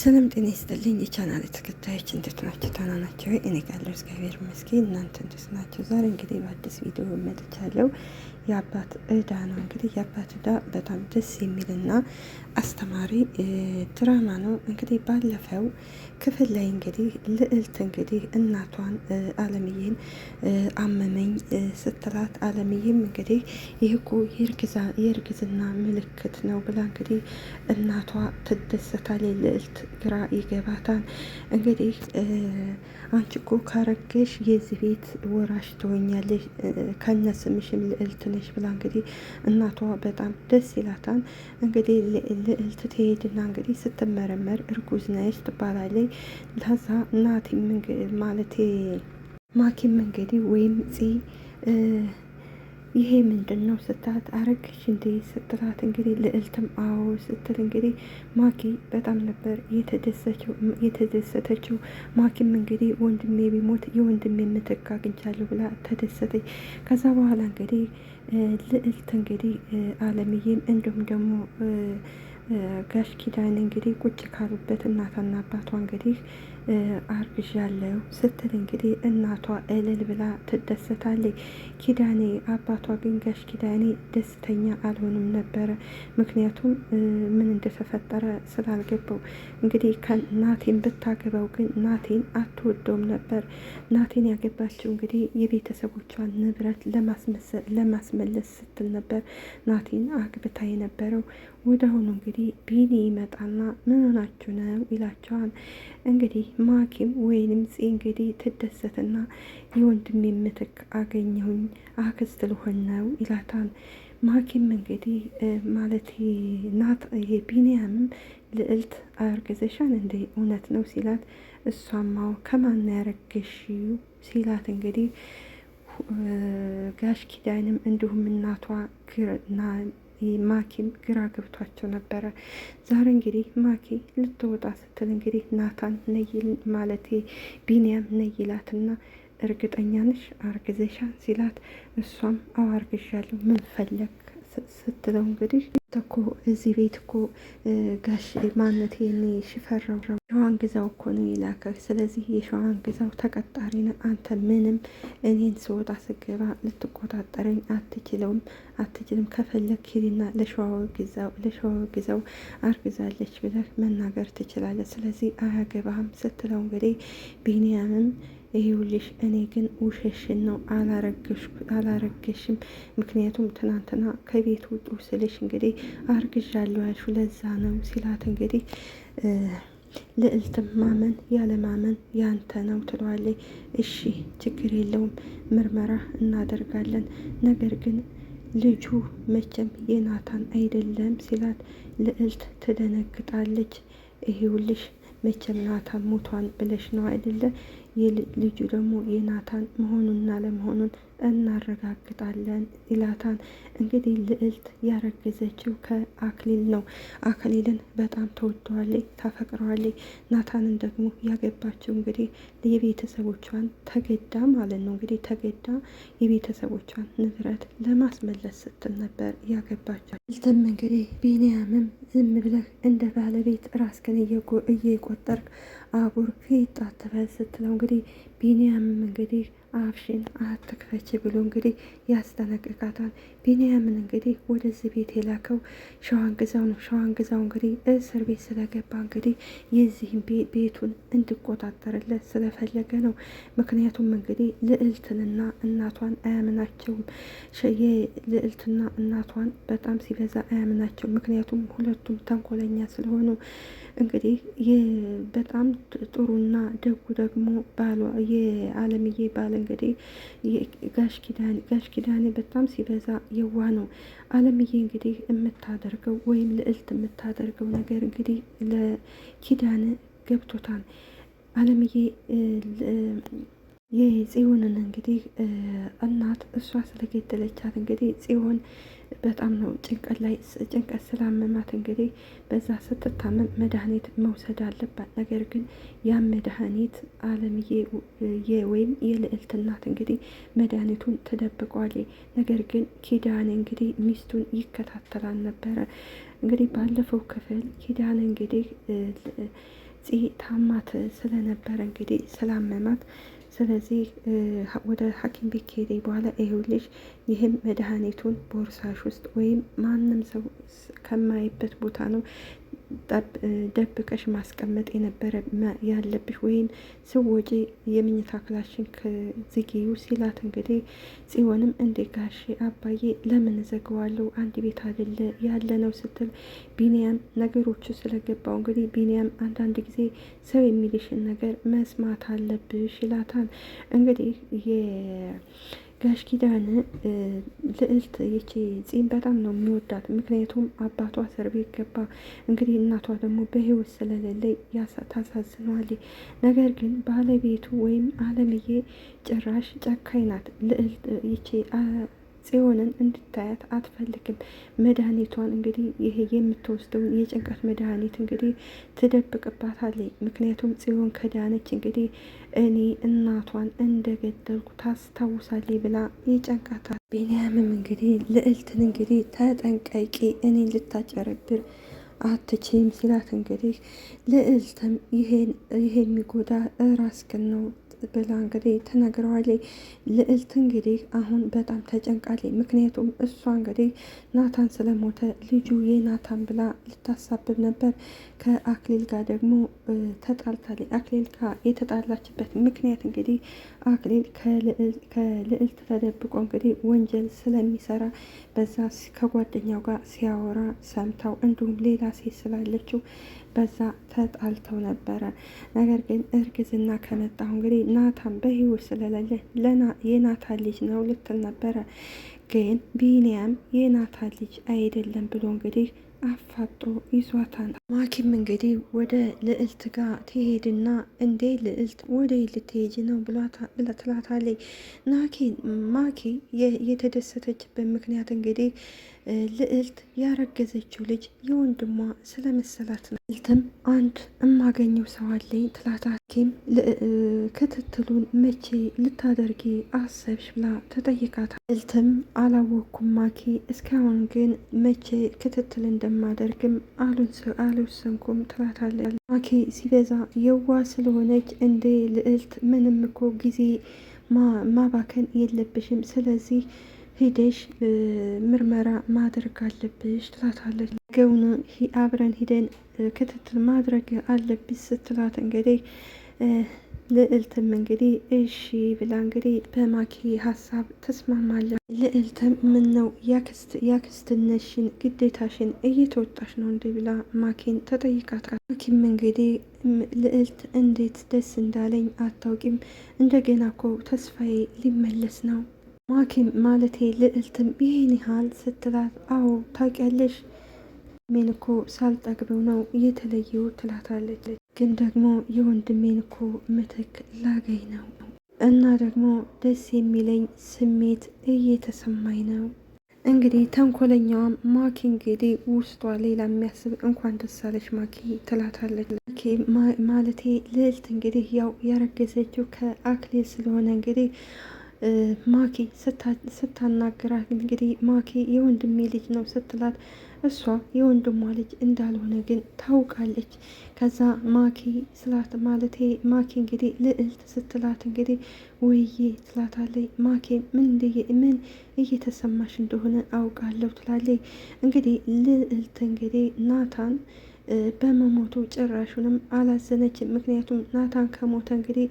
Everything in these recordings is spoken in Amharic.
ሰላም ጤና ይስጥልኝ የቻናል ተከታዮች እንዴት ናቸው? ደህና ናቸው? እኔ ጋር እግዚአብሔር ይመስገን። እናንተ እንዴት ናቸው? ዛሬ እንግዲህ በአዲስ ቪዲዮ መጥቻለሁ። የአባት እዳ ነው። እንግዲህ የአባት እዳ በጣም ደስ የሚልና አስተማሪ ድራማ ነው። እንግዲህ ባለፈው ክፍል ላይ እንግዲህ ልዕልት እንግዲህ እናቷን አለምዬን አመመኝ ስትላት አለምዬም እንግዲህ ይህ እኮ የእርግዝና ምልክት ነው ብላ እንግዲህ እናቷ ትደሰታል። ልዕልት ግራ ይገባታል። እንግዲህ አንቺ እኮ ካረገሽ የዚህ ቤት ወራሽ ትሆኛለሽ ከነስምሽም ልዕልት ትችላለች ብላ እንግዲህ እናቷ በጣም ደስ ይላታል። እንግዲህ ልዕልት ትሄድና እንግዲህ ስትመረመር እርጉዝ ነች ትባላለች። ከዛ ናቲ ማለት ማኪም እንግዲህ ወይም ፂ ይሄ ምንድን ነው ስታት አረግሽ እንዴ ስትላት እንግዲህ ልዕልትም አዎ ስትል እንግዲህ ማኪ በጣም ነበር የተደሰተችው። ማኪም እንግዲህ ወንድሜ ቢሞት የወንድሜ ምትክ አግኝቻለሁ ብላ ተደሰተች። ከዛ በኋላ እንግዲህ ልዕልት እንግዲህ አለምዬም እንዲሁም ደግሞ ጋሽ ኪዳን እንግዲህ ቁጭ ካሉበት እናታና አባቷ እንግዲህ አርግዣለሁ ስትል እንግዲህ እናቷ እልል ብላ ትደሰታለች። ኪዳኔ አባቷ ግን ጋሽ ኪዳኔ ደስተኛ አልሆንም ነበረ። ምክንያቱም ምን እንደተፈጠረ ስላልገባው እንግዲህ ከናቴን ብታገባው ግን ናቴን አትወደውም ነበር። ናቴን ያገባችው እንግዲህ የቤተሰቦቿን ንብረት ለማስመለስ ስትል ነበር ናቴን አግብታ የነበረው። ወደ አሁኑ እንግዲህ ቢኒ ይመጣና ምን ሆናችሁ ነው ይላቸዋል እንግዲህ ማኪም ወይንም ጽ እንግዲህ ትደሰትና የወንድሜ ምትክ አገኘሁኝ አክስት ልሆን ነው ይላታል። ማኪም እንግዲህ ማለት ናት ይሄ ቢንያምም ልዕልት አርገዘሻን እንደ እውነት ነው ሲላት፣ እሷማው ከማን ያረገሽ ሲላት እንግዲህ ጋሽ ኪዳንም እንዲሁም እናቷ ማኪም ግራ ገብቷቸው ነበረ። ዛሬ እንግዲህ ማኪ ልትወጣ ስትል እንግዲህ ናታን ነይል ማለቴ ቢንያም ነይላትና እርግጠኛ ነሽ አርግዜሻን ሲላት እሷም አዎ አርግዣለሁ ምን ፈለግ ስትለው እንግዲህ እኮ እዚህ ቤት እኮ ጋሽ ማነት ሽፈራው የሸዋን ግዛው እኮ ነው የላከህ። ስለዚህ የሸዋን ግዛው ተቀጣሪ ነው። አንተ። ምንም እኔን ስወጣ ስገባ ልትቆጣጠረኝ አትችለውም አትችልም። ከፈለግ ሂድና ለሸዋ ግዛው ለሸዋ ግዛው አርግዛለች ብለህ መናገር ትችላለህ። ስለዚህ አያገባህም ስትለው እንግዲህ ቢንያምም ይሄውልሽ እኔ ግን ውሸሽን ነው አላረገሽም። ምክንያቱም ትናንትና ከቤት ውጡ ስልሽ እንግዲህ አርግዣለሁ ያልሽው ለዛ ነው ሲላት እንግዲህ ልዕልትም ማመን ያለማመን ያንተ ነው ትለዋለች። እሺ ችግር የለውም ምርመራ እናደርጋለን፣ ነገር ግን ልጁ መቼም የናታን አይደለም ሲላት ልዕልት ትደነግጣለች። ይሄውልሽ መቼም ናታን ሙቷን ብለሽ ነው አይደለም። ልጁ ደግሞ የናታን መሆኑንና ለመሆኑን እናረጋግጣለን ይላታል። እንግዲህ ልዕልት ያረገዘችው ከአክሊል ነው። አክሊልን በጣም ተወደዋለች፣ ታፈቅረዋለች። ናታንን ደግሞ ያገባችው እንግዲህ የቤተሰቦቿን ተገዳ ማለት ነው። እንግዲህ ተገዳ የቤተሰቦቿን ንብረት ለማስመለስ ስትል ነበር ያገባቸው። ልዕልትም እንግዲህ ቢንያምም ዝም ብለህ እንደ ባለቤት ራስህን እየቆጠርክ አጉርፊ ጣት በል ስትለው እንግዲህ ቢኒያም እንግዲህ አፍሽን አትክፈች ብሎ እንግዲህ ያስጠነቅቃታል። ቢንያምን እንግዲህ ወደዚህ ቤት የላከው ሸዋን ግዛው ነው። ሸዋን ግዛው እንግዲህ እስር ቤት ስለገባ እንግዲህ የዚህም ቤቱን እንዲቆጣጠርለት ስለፈለገ ነው። ምክንያቱም እንግዲህ ልዕልትንና እናቷን አያምናቸውም። የልዕልትና እናቷን በጣም ሲበዛ አያምናቸው። ምክንያቱም ሁለቱም ተንኮለኛ ስለሆኑ እንግዲህ በጣም ጥሩና ደጉ ደግሞ ባሏ የአለምዬ ባለ እንግዲህ ጋሽ ኪዳኔ ጋሽ ኪዳኔ በጣም ሲበዛ የዋ ነው። አለምዬ እንግዲህ የምታደርገው ወይም ልዕልት የምታደርገው ነገር እንግዲህ ለኪዳን ገብቶታል። አለምዬ የጽዮንን እንግዲህ እናት እሷ ስለገደለቻት እንግዲህ ጽዮን በጣም ነው ጭንቀት ላይ ጭንቀት ስላመማት እንግዲህ በዛ ስትታመም መድኃኒት መውሰድ አለባት። ነገር ግን ያ መድኃኒት አለምዬ ወይም የልዕልት እናት እንግዲህ መድኃኒቱን ትደብቋለች። ነገር ግን ኪዳን እንግዲህ ሚስቱን ይከታተላል ነበረ። እንግዲህ ባለፈው ክፍል ኪዳን እንግዲህ ታማት ስለነበረ እንግዲህ ስላመማት ስለዚህ ወደ ሐኪም ቤት ከሄደ በኋላ ልጅ ይህም መድኃኒቱን ቦርሳሽ ውስጥ ወይም ማንም ሰው ከማይበት ቦታ ነው ደብቀሽ ማስቀመጥ የነበረ ያለብሽ ወይም ስወጪ የምኝታ ክላሽን ሲላት፣ እንግዲህ ጽዮንም እንዴ ጋሽ አባዬ ለምን ዘግዋለሁ አንድ ቤት አይደለ ያለ ነው ስትል፣ ቢኒያም ነገሮቹ ስለገባው እንግዲህ ቢኒያም አንዳንድ ጊዜ ሰው የሚልሽን ነገር መስማት አለብሽ ይላታል እንግዲህ ጋሽ ኪዳን ልዕልት ይቺ ጺም በጣም ነው የሚወዳት። ምክንያቱም አባቷ እስር ቤት ገባ። እንግዲህ እናቷ ደግሞ በህይወት ስለሌለ ታሳዝነዋል። ነገር ግን ባለቤቱ ወይም አለምዬ ጭራሽ ጨካኝ ናት። ልዕልት ይቺ ጽዮንን እንድታያት አትፈልግም። መድኃኒቷን እንግዲህ ይሄ የምትወስደውን የጭንቀት መድኃኒት እንግዲህ ትደብቅባታለች። ምክንያቱም ጽዮን ከዳነች እንግዲህ እኔ እናቷን እንደገደልኩ ታስታውሳለች ብላ ይጨንቃታል። ቢንያምም እንግዲህ ልዕልትን እንግዲህ ተጠንቀቂ፣ እኔ ልታጨረብር አትችም ሲላት እንግዲህ ልዕልትም ይሄ የሚጎዳ ራስክን ነው ብላ እንግዲህ ተነግረዋለች። ልዕልት እንግዲህ አሁን በጣም ተጨንቃለች። ምክንያቱም እሷ እንግዲህ ናታን ስለሞተ ልጁ የናታን ብላ ልታሳብብ ነበር። ከአክሊል ጋር ደግሞ ተጣልታለች። አክሊል ጋር የተጣላችበት ምክንያት እንግዲህ አክሊል ከልዕልት ተደብቆ እንግዲህ ወንጀል ስለሚሰራ በዛ ከጓደኛው ጋር ሲያወራ ሰምተው እንዲሁም ሌላ ሴት ስላለችው በዛ ተጣልተው ነበረ። ነገር ግን እርግዝና ከመጣሁ እንግዲህ ናታን በህይወት ስለሌለ የናታን ልጅ ነው ልትል ነበረ። ግን ቢንያም የናታን ልጅ አይደለም ብሎ እንግዲህ አፋጦ ይዟታል። ማኪም እንግዲህ ወደ ልዕልት ጋር ትሄድና እንዴ ልዕልት ወደ ልትሄጂ ነው ብላ ትላታለች። ናኪ ማኪ የተደሰተችበት ምክንያት እንግዲህ ልዕልት ያረገዘችው ልጅ የወንድሟ ስለመሰላት ነው። ልዕልትም አንድ እማገኘው ሰው አለኝ ትላታኪም ክትትሉን መቼ ልታደርጊ አሰብሽ ብላ ተጠይቃታ ልዕልትም አላወኩም ማኪ፣ እስካሁን ግን መቼ ክትትል እንደማደርግም አሉን ስል አልወሰንኩም ትላታለች። ማኬ ሲበዛ የዋ ስለሆነች እንዴ ልዕልት፣ ምንም እኮ ጊዜ ማባከን የለብሽም። ስለዚህ ሂደሽ ምርመራ ማድረግ አለብሽ ትላታለች። ገውኑ አብረን ሂደን ክትትል ማድረግ አለብሽ ስትላት እንግዲህ ልዕልትም እንግዲህ እሺ ብላ እንግዲህ በማኪ ሀሳብ ተስማማለ ልዕልትም ምን ነው ያክስት ያክስትነሽን ግዴታሽን እየተወጣሽ ነው እንዴ ብላ ማኪን ተጠይቃታል። ማኪም እንግዲህ ልዕልት እንዴት ደስ እንዳለኝ አታውቂም። እንደገና እኮ ተስፋዬ ሊመለስ ነው ማኪም ማለቴ ልዕልትም ይህን ያህል ስትላት፣ አዎ ታውቂያለሽ ሜን እኮ ሳልጠግበው ነው የተለየው ትላታለች። ግን ደግሞ የወንድሜን እኮ ምትክ ላገኝ ነው እና ደግሞ ደስ የሚለኝ ስሜት እየተሰማኝ ነው። እንግዲህ ተንኮለኛዋም ማኪ እንግዲህ ውስጧ ሌላ የሚያስብ እንኳን ደስ አለሽ ማኪ ትላታለች። ማለቴ ልዕልት እንግዲህ ያው ያረገዘችው ከአክሊል ስለሆነ እንግዲህ ማኪ ስታናግራት እንግዲህ ማኪ የወንድሜ ልጅ ነው ስትላት እሷ የወንድሟ ልጅ እንዳልሆነ ግን ታውቃለች። ከዛ ማኪ ስላት ማለቴ ማኪ እንግዲህ ልዕልት ስትላት እንግዲህ ውይዬ ትላታለች። ማኪ ምን ምን እየተሰማሽ እንደሆነ አውቃለሁ ትላለች። እንግዲህ ልዕልት እንግዲህ ናታን በመሞቱ ጭራሹንም አላዘነችም። ምክንያቱም ናታን ከሞተ እንግዲህ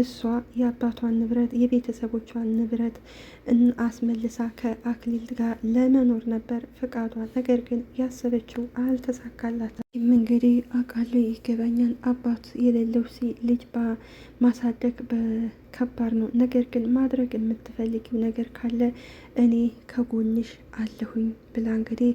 እሷ የአባቷን ንብረት የቤተሰቦቿን ንብረት አስመልሳ ከአክሊል ጋር ለመኖር ነበር ፍቃዷ። ነገር ግን ያሰበችው አልተሳካላትም። እንግዲህ አቃሉ ይገባኛል። አባት የሌለው ሲ ልጅ ማሳደግ በከባድ ነው። ነገር ግን ማድረግ የምትፈልጊው ነገር ካለ እኔ ከጎንሽ አለሁኝ ብላ እንግዲህ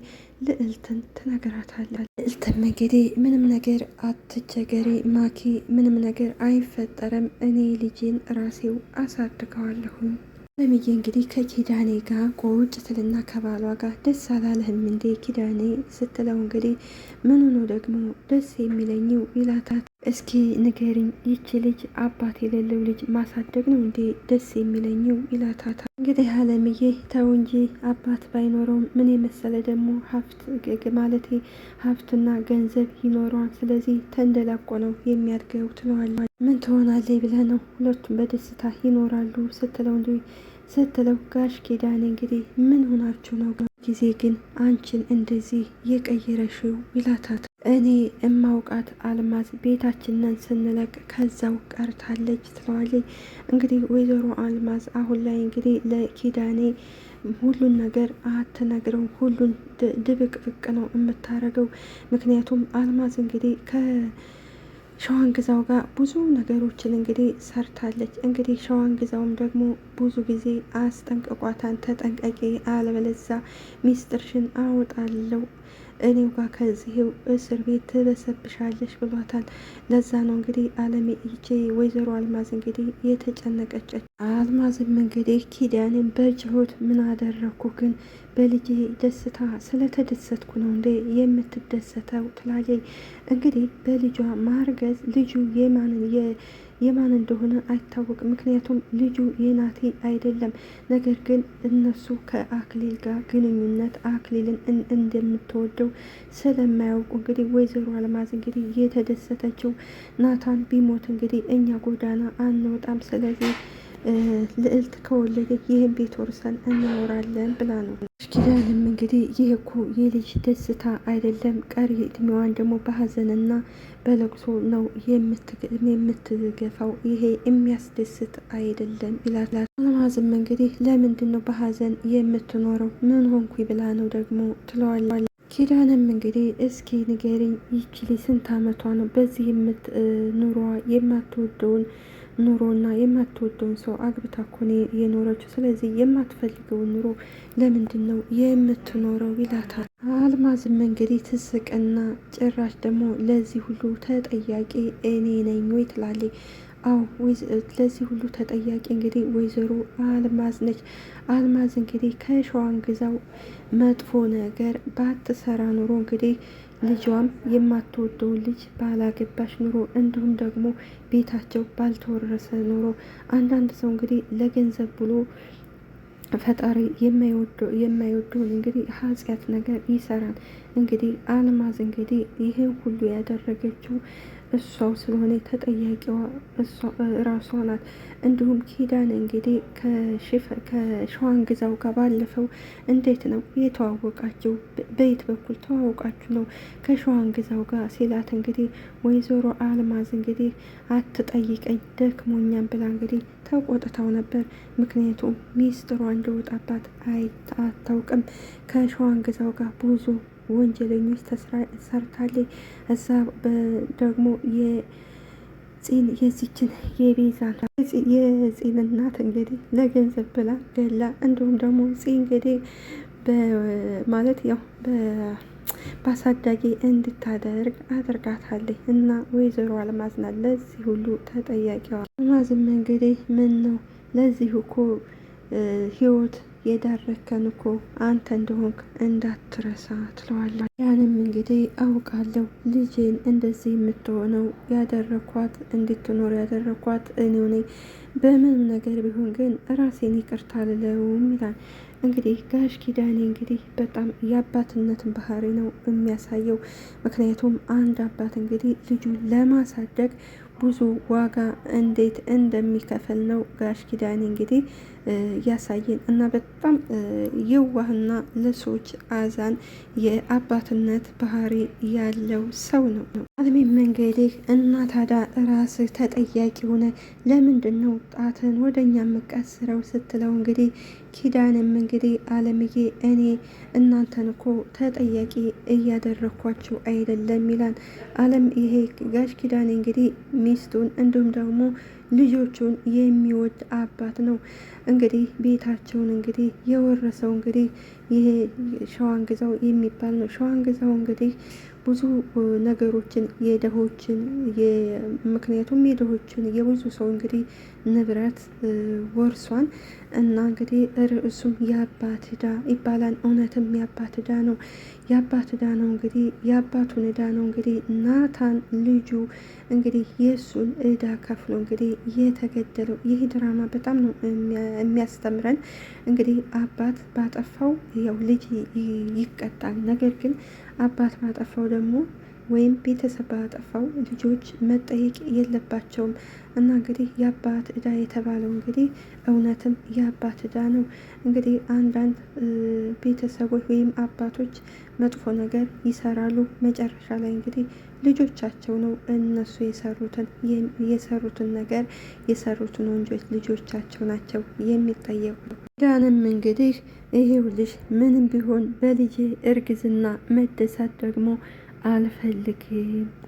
ልዕልትን ትነግራታለች። ልዕልትም እንግዲህ ምንም ነገር አትቸገሪ ማኪ፣ ምንም ነገር አይፈጠረም እኔ እኔ ልጄን ራሴው አሳድገዋለሁም። ለምዬ እንግዲህ ከኪዳኔ ጋር ቆርጭ ትልና ከባሏ ጋር ደስ አላለህም እንዴ ኪዳኔ ስትለው እንግዲህ ምኑ ነው ደግሞ ደስ የሚለኝው ይላታት። እስኪ ንገሪኝ፣ ይቺ ልጅ አባት የሌለው ልጅ ማሳደግ ነው እንዴ ደስ የሚለኝው? ይላታታ እንግዲህ አለምዬ ተው እንጂ አባት ባይኖረውም ምን የመሰለ ደግሞ ሀብት ማለቴ ሀብትና ገንዘብ ይኖረዋል። ስለዚህ ተንደላቆ ነው የሚያድገው ትለዋለች። ምን ትሆናለች ብለህ ነው? ሁለቱም በደስታ ይኖራሉ ስትለው እንዲ ስትለው ጋሽ ኪዳኔ እንግዲህ ምን ሆናችሁ ነው ጊዜ ግን አንቺን እንደዚህ የቀየረሽው? ይላታታ እኔ እማውቃት አልማዝ ቤታችንን ስንለቅ ከዛው ቀርታለች ትለዋለች። እንግዲህ ወይዘሮ አልማዝ አሁን ላይ እንግዲህ ለኪዳኔ ሁሉን ነገር አትነግረው፣ ሁሉን ድብቅብቅ ነው የምታረገው። ምክንያቱም አልማዝ እንግዲህ ከሸዋን ግዛው ጋር ብዙ ነገሮችን እንግዲህ ሰርታለች። እንግዲህ ሸዋን ግዛውም ደግሞ ብዙ ጊዜ አስጠንቅቋታን፣ ተጠንቀቂ፣ አለበለዛ ሚስጥርሽን አወጣለው እኔው ጋር ከዚህ እስር ቤት ትበሰብሻለሽ ብሏታል። ለዛ ነው እንግዲህ አለሜ ይቼ ወይዘሮ አልማዝ እንግዲህ የተጨነቀጨች። አልማዝም እንግዲህ ኪዳንን በጅሁድ ምን አደረግኩ ግን በልጄ ደስታ ስለተደሰትኩ ነው እንዴ የምትደሰተው? ትላለች እንግዲህ በልጇ ማርገዝ ልጁ የማንን የማን እንደሆነ አይታወቅም። ምክንያቱም ልጁ የናቴ አይደለም። ነገር ግን እነሱ ከአክሊል ጋር ግንኙነት አክሊልን እንደምትወደው ስለማያውቁ እንግዲህ ወይዘሮ አልማዝ እንግዲህ የተደሰተችው ናታን ቢሞት እንግዲህ እኛ ጎዳና አንወጣም፣ ስለዚህ ልዕልት ከወለደ ይህን ቤት ወርሰን እናወራለን ብላ ነው። ኪዳንም እንግዲህ ይህ እኮ የልጅ ደስታ አይደለም፣ ቀሪ እድሜዋን ደግሞ በሀዘንና በለቅሶ ነው የምትገፋው። ይሄ የሚያስደስት አይደለም ይላታል። አልማዝም እንግዲህ ለምንድን ነው በሀዘን የምትኖረው? ምን ሆንኩ ብላ ነው ደግሞ ትለዋለች። ኪዳንም እንግዲህ እስኪ ንገሪኝ ይችሊ ስንት አመቷ ነው? በዚህ የምት ኑሯ የማትወደውን ኑሮና የማትወደውን ሰው አግብታ እኮ ነው የኖረችው። ስለዚህ የማትፈልገውን ኑሮ ለምንድን ነው የምትኖረው? ይላታል አልማዝም እንግዲህ ትስቅና ጭራሽ ደግሞ ለዚህ ሁሉ ተጠያቂ እኔ ነኝ ወይ ትላለች። አዎ ለዚህ ሁሉ ተጠያቂ እንግዲህ ወይዘሮ አልማዝ ነች። አልማዝ እንግዲህ ከሸዋን ግዛው መጥፎ ነገር ባትሰራ ኑሮ እንግዲህ ልጇም የማትወደውን ልጅ ባላገባሽ ኑሮ እንዲሁም ደግሞ ቤታቸው ባልተወረሰ ኑሮ አንዳንድ ሰው እንግዲህ ለገንዘብ ብሎ ፈጣሪ የማይወደውን እንግዲህ ኃጢአት ነገር ይሰራል። እንግዲህ አልማዝ እንግዲህ ይሄ ሁሉ ያደረገችው እሷው ስለሆነ ተጠያቂዋ ራሷ ናት። እንዲሁም ኪዳን እንግዲህ ከሸዋን ግዛው ጋር ባለፈው እንዴት ነው የተዋወቃችሁ? በየት በኩል ተዋወቃችሁ ነው ከሸዋን ግዛው ጋር ሲላት እንግዲህ ወይዘሮ አልማዝ እንግዲህ አትጠይቀኝ ደክሞኛም ብላ እንግዲህ ተቆጥተው ነበር። ምክንያቱም ሚስጥሯ እንደወጣባት አታውቅም። ከሸዋን ግዛው ጋር ብዙ ወንጀለኞች ሰርታለች። እዛ ደግሞ የዚችን የቤዛ የፂን እናት እንግዲህ ለገንዘብ ብላ ገላ እንዲሁም ደግሞ ፂ እንግዲህ ማለት ያው በአሳዳጊ እንድታደርግ አድርጋታለች እና ወይዘሮ አልማዝ ናት ለዚህ ሁሉ ተጠያቂዋ። አልማዝም እንግዲህ ምን ነው ለዚህ እኮ ህይወት የዳረከን እኮ አንተ እንደሆንክ እንዳትረሳ ትለዋለ። ያንም እንግዲህ አውቃለሁ ልጄን እንደዚህ የምትሆነው ያደረኳት እንድትኖር ያደረኳት እኔው ነኝ። በምንም ነገር ቢሆን ግን ራሴን ይቅርታ ልለውም ይላል። እንግዲህ ጋሽ ኪዳኔ እንግዲህ በጣም የአባትነትን ባህሪ ነው የሚያሳየው። ምክንያቱም አንድ አባት እንግዲህ ልጁን ለማሳደግ ብዙ ዋጋ እንዴት እንደሚከፈል ነው ጋሽ ኪዳኔ እንግዲህ ያሳየን እና በጣም የዋህና ለሰዎች አዛን የአባትነት ባህሪ ያለው ሰው ነው ነው አልሜ መንገድህ እና ታዳ ራስህ ተጠያቂ ሆነ ለምንድን ነው ጣትን ወደ እኛ የምቀስረው ስትለው እንግዲህ ኪዳንም እንግዲህ አለምዬ እኔ እናንተን እኮ ተጠያቂ እያደረግኳችሁ አይደለም ይላል አለም ይሄ ጋሽ ኪዳኔ እንግዲህ ሚስቱን እንዲሁም ደግሞ ልጆቹን የሚወድ አባት ነው። እንግዲህ ቤታቸውን እንግዲህ የወረሰው እንግዲህ ይሄ ግዛው የሚባል ነው። ግዛው እንግዲህ ብዙ ነገሮችን የደሆችን ምክንያቱም የደሆችን የብዙ ሰው እንግዲህ ንብረት ወርሷን እና እንግዲህ ርዕሱም የአባት ዕዳ ይባላል። እውነትም የአባት ዕዳ ነው። የአባት ነው እንግዲህ የአባቱን እዳ ነው እንግዲህ ናታን ልጁ እንግዲህ የእሱን እዳ ከፍሎ እንግዲህ የተገደለው። ይህ ድራማ በጣም ነው የሚያስተምረን። እንግዲህ አባት ባጠፋው ያው ልጅ ይቀጣል። ነገር ግን አባት ባጠፋው ደግሞ ወይም ቤተሰብ ባጠፋው ልጆች መጠየቅ የለባቸውም እና እንግዲህ የአባት እዳ የተባለው እንግዲህ እውነትም የአባት እዳ ነው። እንግዲህ አንዳንድ ቤተሰቦች ወይም አባቶች መጥፎ ነገር ይሰራሉ። መጨረሻ ላይ እንግዲህ ልጆቻቸው ነው እነሱ የሰሩትን የሰሩትን ነገር የሰሩትን ወንጆች ልጆቻቸው ናቸው የሚጠየቁ። ዳንም እንግዲህ ይሄው ልጅ ምንም ቢሆን በልጅ እርግዝና መደሳት ደግሞ አልፈልግም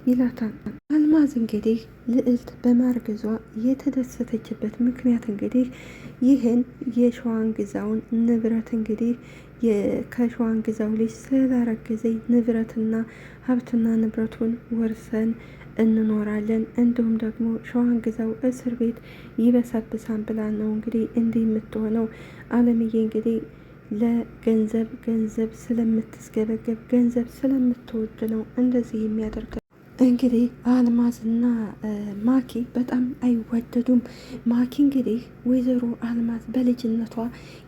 ይላታል። አልማዝ እንግዲህ ልዕልት በማርገዟ የተደሰተችበት ምክንያት እንግዲህ ይህን የሸዋን ግዛውን ንብረት እንግዲህ ከሸዋን ግዛው ልጅ ስላረገዘ ንብረትና ሀብትና ንብረቱን ወርሰን እንኖራለን እንዲሁም ደግሞ ሸዋን ግዛው እስር ቤት ይበሰብሳን ብላ ነው እንግዲህ እንዲህ የምትሆነው አለምዬ እንግዲህ ለገንዘብ ገንዘብ ስለምትስገበገብ ገንዘብ ስለምትወድ ነው እንደዚህ የሚያደርገው። እንግዲህ አልማዝና ማኪ በጣም አይወደዱም ማኪ እንግዲህ ወይዘሮ አልማዝ በልጅነቷ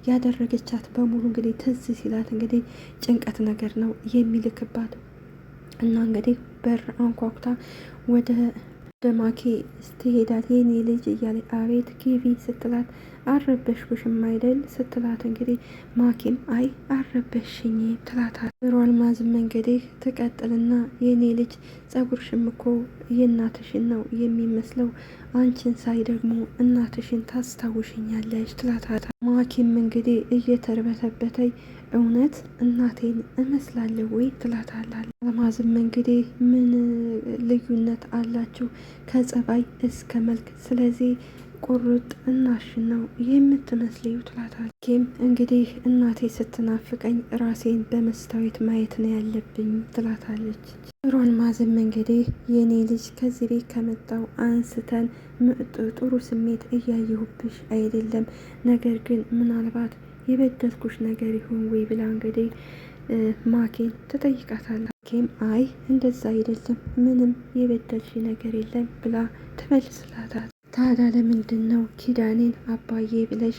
ያደረገቻት በሙሉ እንግዲህ ትዝ ሲላት እንግዲህ ጭንቀት ነገር ነው የሚልክባት እና እንግዲህ በር አንኳኩታ ወደ ደማኬ ስትሄዳት የኔ ልጅ እያለ አቤት ኬቪ ስትላት አረበሽኩሽ ማይደል ስትላት እንግዲህ ማኪም አይ አረበሽኝ ትላታል። ብሮ አልማዝም እንግዲህ ትቀጥልና የኔ ልጅ ጸጉርሽም እኮ የእናትሽን ነው የሚመስለው አንቺን ሳይ ደግሞ እናትሽን ታስታውሽኛለች ትላታል። ማኪም እንግዲህ እየተርበተበተይ እውነት እናቴን እመስላለሁ ወይ ትላታላል። አልማዝም እንግዲህ ምን ልዩነት አላችሁ ከጸባይ እስከ መልክ? ስለዚህ ቁርጥ እናሽ ነው የምትመስልዩ ትላታል። ኬም እንግዲህ እናቴ ስትናፍቀኝ ራሴን በመስታወት ማየት ነው ያለብኝ ትላታለች። ሮን ማዝም እንግዲህ የኔ ልጅ ከዚህ ቤት ከመጣው አንስተን ጥሩ ስሜት እያየሁብሽ አይደለም፣ ነገር ግን ምናልባት የበደልኩሽ ነገር ይሁን ወይ ብላ እንግዲህ ማኪን ትጠይቃታለች። ማኪም አይ እንደዛ አይደለም ምንም የበደልሽ ነገር የለም ብላ ትመልስላታል። ታዲያ ለምንድን ነው ኪዳኔን አባዬ ብለሽ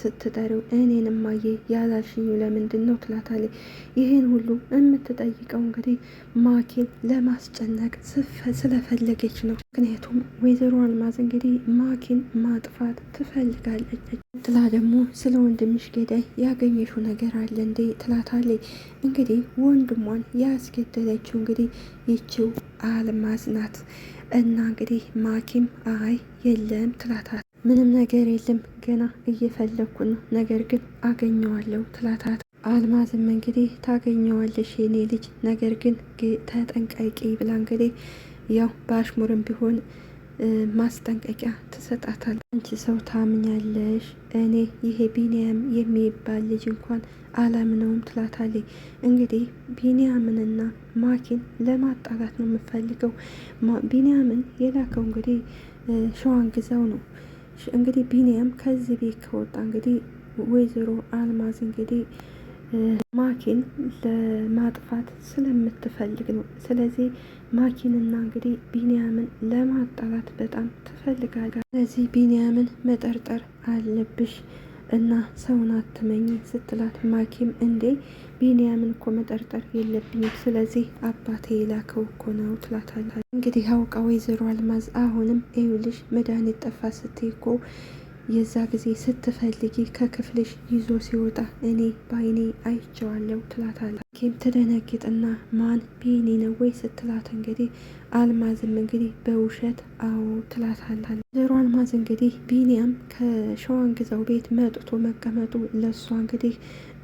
ስትጠሪው እኔን እማዬ ያላልሽኝ ለምንድን ነው ትላታለች። ይህን ሁሉ የምትጠይቀው እንግዲህ ማኪን ለማስጨነቅ ስለፈለገች ነው። ምክንያቱም ወይዘሮ አልማዝ እንግዲህ ማኪን ማጥፋት ትፈልጋለች። ጥላ ደግሞ ስለ ወንድምሽ ገዳይ ያገኘሽው ነገር አለ እንዴ ትላታለች። እንግዲህ ወንድሟን ያስገደለችው እንግዲህ ይችው አልማዝ ናት። እና እንግዲህ ማኪም አይ የለም ትላታት። ምንም ነገር የለም ገና እየፈለግኩ ነው፣ ነገር ግን አገኘዋለሁ ትላታት። አልማዝም እንግዲህ ታገኘዋለሽ የኔ ልጅ፣ ነገር ግን ተጠንቀቂ ብላ እንግዲህ ያው በአሽሙርም ቢሆን ማስጠንቀቂያ ትሰጣታል። አንቺ ሰው ታምኛለሽ፣ እኔ ይሄ ቢንያም የሚባል ልጅ እንኳን አለምነውም ትላታለች። እንግዲህ ቢንያምንና ማኪን ለማጣላት ነው የምፈልገው። ቢንያምን የላከው እንግዲህ ሸዋን ግዛው ነው። እንግዲህ ቢንያም ከዚህ ቤት ከወጣ እንግዲህ ወይዘሮ አልማዝ እንግዲህ ማኪን ለማጥፋት ስለምትፈልግ ነው። ስለዚህ ማኪንና እንግዲህ ቢንያምን ለማጣላት በጣም ትፈልጋለች። ስለዚህ ቢንያምን መጠርጠር አለብሽ እና ሰውን አትመኝ ስትላት ማኪም እንዴ ቢንያምን እኮ መጠርጠር የለብኝም ስለዚህ አባቴ የላከው እኮ ነው ትላታል። እንግዲህ አውቃ ወይዘሮ አልማዝ አሁንም ይኸውልሽ መድኃኒት ጠፋ ስትይ እኮ የዛ ጊዜ ስትፈልጊ ከክፍልሽ ይዞ ሲወጣ እኔ በአይኔ አይቼዋለሁ ትላታለ። ኬም ትደነግጥና ማን ቢኒ ነው ወይ ስትላት እንግዲህ አልማዝም እንግዲህ በውሸት አዎ ትላታለ። ወይዘሮ አልማዝ እንግዲህ ቢኒያም ግዛው ቤት መጥቶ መቀመጡ ለሷ እንግዲህ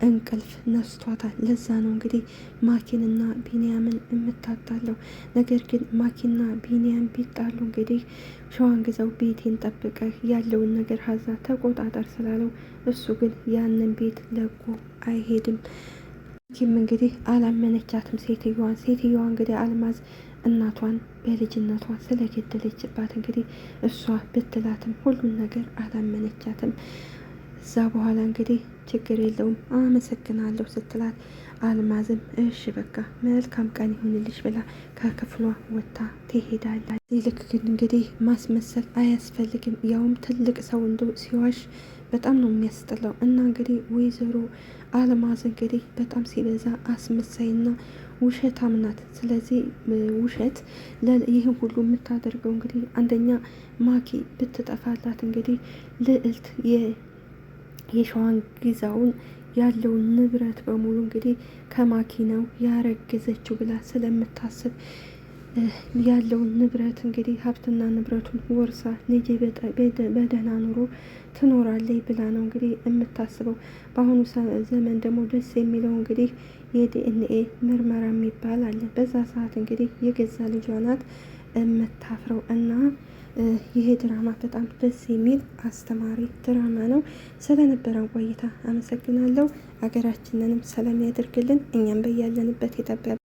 እንቅልፍ ነስቷታል። ለዛ ነው እንግዲህ ማኪንና ቢንያምን የምታጣለው። ነገር ግን ማኪንና ቢንያም ቢጣሉ እንግዲህ ሸዋን ግዛው ቤቴን ጠብቀ ያለውን ነገር ሀዛ ተቆጣጠር ስላለው እሱ ግን ያንን ቤት ለቆ አይሄድም። ማኪም እንግዲህ አላመነቻትም ሴትዮዋን። ሴትዮዋ እንግዲህ አልማዝ እናቷን በልጅነቷ ስለገደለችባት እንግዲህ እሷ ብትላትም ሁሉን ነገር አላመነቻትም። እዛ በኋላ እንግዲህ ችግር የለውም አመሰግናለሁ ስትላት አልማዝም እሺ በቃ መልካም ቀን ይሁንልሽ ብላ ከክፍሏ ወጥታ ትሄዳለች። ይልክ ግን እንግዲህ ማስመሰል አያስፈልግም። ያውም ትልቅ ሰው እንዶ ሲዋሽ በጣም ነው የሚያስጥለው። እና እንግዲህ ወይዘሮ አልማዝ እንግዲህ በጣም ሲበዛ አስመሳይና ውሸታም ናት። ስለዚህ ውሸት ይህን ሁሉ የምታደርገው እንግዲህ አንደኛ ማኪ ብትጠፋላት እንግዲህ ልዕልት የሸዋን ጊዛውን ያለውን ንብረት በሙሉ እንግዲህ ከማኪ ነው ያረገዘችው ብላ ስለምታስብ ያለውን ንብረት እንግዲህ ሀብትና ንብረቱን ወርሳ ልጄ በደህና ኑሮ ትኖራለች ብላ ነው እንግዲህ የምታስበው። በአሁኑ ዘመን ደግሞ ደስ የሚለው እንግዲህ የዲኤንኤ ምርመራ የሚባል አለ። በዛ ሰዓት እንግዲህ የገዛ ልጇ ናት የምታፍረው እና ይሄ ድራማ በጣም ደስ የሚል አስተማሪ ድራማ ነው። ስለነበረን ቆይታ አመሰግናለሁ። ሀገራችንንም ሰላም ያደርግልን። እኛም በያለንበት የጠበ